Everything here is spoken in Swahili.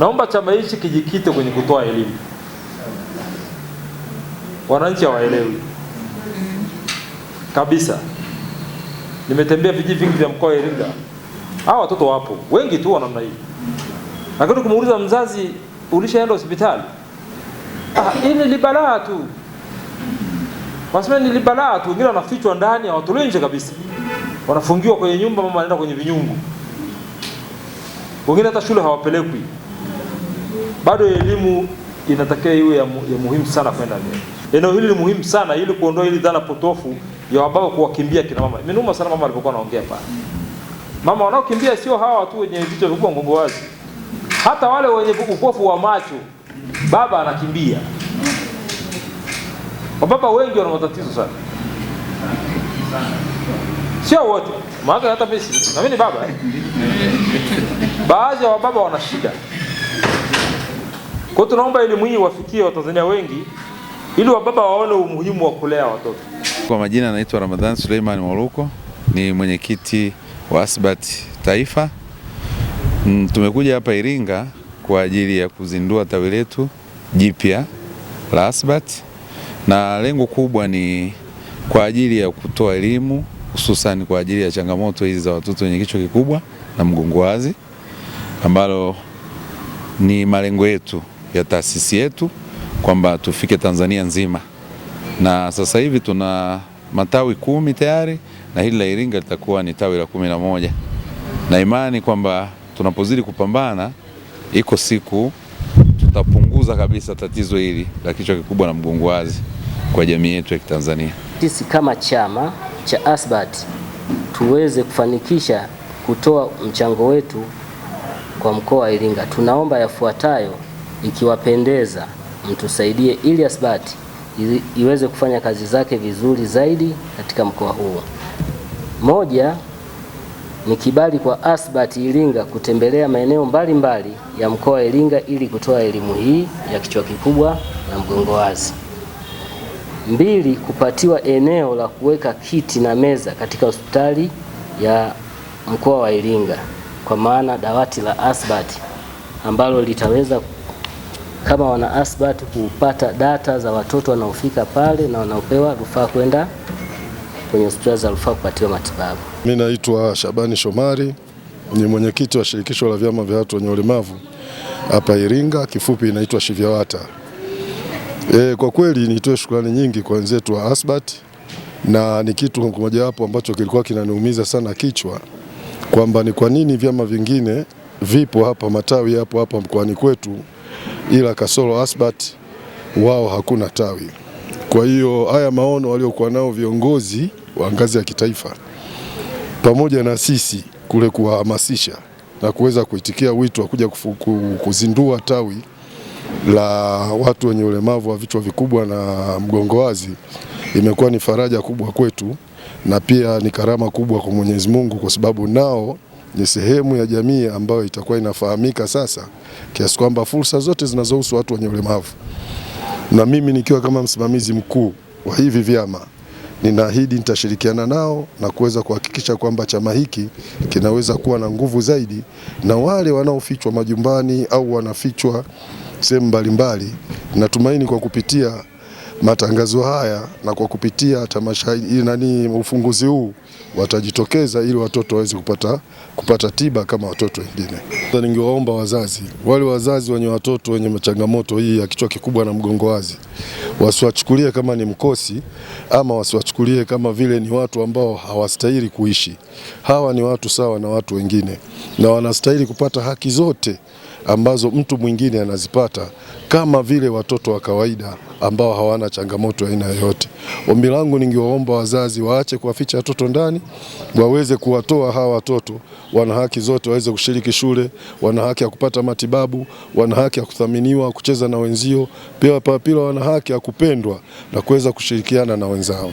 Naomba chama hichi kijikite kwenye kutoa elimu, wananchi hawaelewi kabisa. Nimetembea vijiji vingi vya mkoa wa Iringa, hawa watoto wapo wengi tu wa namna hii, lakini kumuuliza mzazi ulishaenda hospitali, ah, hii ni libalaa tu, wasema ni tu. Wengine wanafichwa ndani, hawatolewi nje kabisa, wanafungiwa kwenye nyumba, mama anaenda kwenye vinyungu, wengine hata shule hawapelekwi bado elimu inatakiwa iwe ya, mu, ya muhimu sana kwenda mbele. Eneo hili ni muhimu sana ili kuondoa ile dhana potofu ya wababa kuwakimbia kina mama. Imenuma sana mama alipokuwa anaongea pale. Mama wanaokimbia sio hawa watu wenye vichwa vikubwa ngongo wazi. Hata wale wenye upofu wa macho baba anakimbia. Wababa wengi wana matatizo sana. Sio wote. Maana hata mimi na mimi ni baba. Eh. Baadhi ya wababa wana shida. Kwa hiyo tunaomba elimu hii wafikie Watanzania wengi ili wababa waone umuhimu wa kulea watoto. Kwa majina anaitwa Ramadhan Suleiman Mwaruko, ni mwenyekiti wa ASBAT Taifa. Mm, tumekuja hapa Iringa kwa ajili ya kuzindua tawi letu jipya la ASBAT na lengo kubwa ni kwa ajili ya kutoa elimu hususan kwa ajili ya changamoto hizi za watoto wenye kichwa kikubwa na mgongo wazi ambalo ni malengo yetu ya taasisi yetu kwamba tufike Tanzania nzima, na sasa hivi tuna matawi kumi tayari na hili la Iringa litakuwa ni tawi la kumi na moja na imani kwamba tunapozidi kupambana, iko siku tutapunguza kabisa tatizo hili la kichwa kikubwa na mgongo wazi kwa jamii yetu ya Kitanzania. Sisi kama chama cha ASBAT tuweze kufanikisha kutoa mchango wetu kwa mkoa wa Iringa, tunaomba yafuatayo ikiwapendeza mtusaidie ili Asbati iweze kufanya kazi zake vizuri zaidi katika mkoa huu. Moja ni kibali kwa Asbati Iringa kutembelea maeneo mbalimbali ya mkoa wa Iringa ili kutoa elimu hii ya kichwa kikubwa na mgongo wazi. Mbili, kupatiwa eneo la kuweka kiti na meza katika hospitali ya mkoa wa Iringa, kwa maana dawati la Asbati ambalo litaweza kama wana asbat kupata data za watoto wanaofika pale na wanaopewa rufaa kwenda kwenye hospitali za rufaa kupatiwa matibabu. Mimi naitwa Shabani Shomari, ni mwenyekiti wa shirikisho la vyama vya watu wenye ulemavu hapa Iringa, kifupi inaitwa SHIVYAWATA. E, kwa kweli nitoe shukrani nyingi kwa wenzetu wa asbat, na ni kitu mojawapo ambacho kilikuwa kinaniumiza sana kichwa kwamba ni kwa nini vyama vingine vipo hapa matawi hapo hapa mkoani kwetu ila kasoro Asbat wao hakuna tawi. Kwa hiyo haya maono waliokuwa nao viongozi wa ngazi ya kitaifa pamoja na sisi kule kuwahamasisha na kuweza kuitikia wito wa kuja kuzindua tawi la watu wenye ulemavu wa vichwa vikubwa na mgongo wazi, imekuwa ni faraja kubwa kwetu na pia ni karama kubwa kwa Mwenyezi Mungu kwa sababu nao ni sehemu ya jamii ambayo itakuwa inafahamika sasa kiasi kwamba fursa zote zinazohusu watu wenye ulemavu, na mimi nikiwa kama msimamizi mkuu wa hivi vyama ninaahidi nitashirikiana nao na kuweza kuhakikisha kwamba chama hiki kinaweza kuwa na nguvu zaidi, na wale wanaofichwa majumbani au wanafichwa sehemu mbalimbali, natumaini kwa kupitia matangazo haya na kwa kupitia tamasha nani ufunguzi huu watajitokeza ili watoto waweze kupata, kupata tiba kama watoto wengine. Ningewaomba wazazi wale wazazi wenye watoto wenye changamoto hii ya kichwa kikubwa na mgongo wazi wasiwachukulie kama ni mkosi ama wasiwachukulie kama vile ni watu ambao hawastahili kuishi. Hawa ni watu sawa na watu wengine na wanastahili kupata haki zote ambazo mtu mwingine anazipata kama vile watoto wa kawaida ambao hawana changamoto aina yoyote. Ombi langu, ningewaomba wazazi waache kuwaficha watoto ndani, waweze kuwatoa hawa watoto. Wana haki zote, waweze kushiriki shule, wana haki ya kupata matibabu, wana haki ya kuthaminiwa, kucheza na wenzio, pia pia wana haki ya kupendwa na kuweza kushirikiana na wenzao.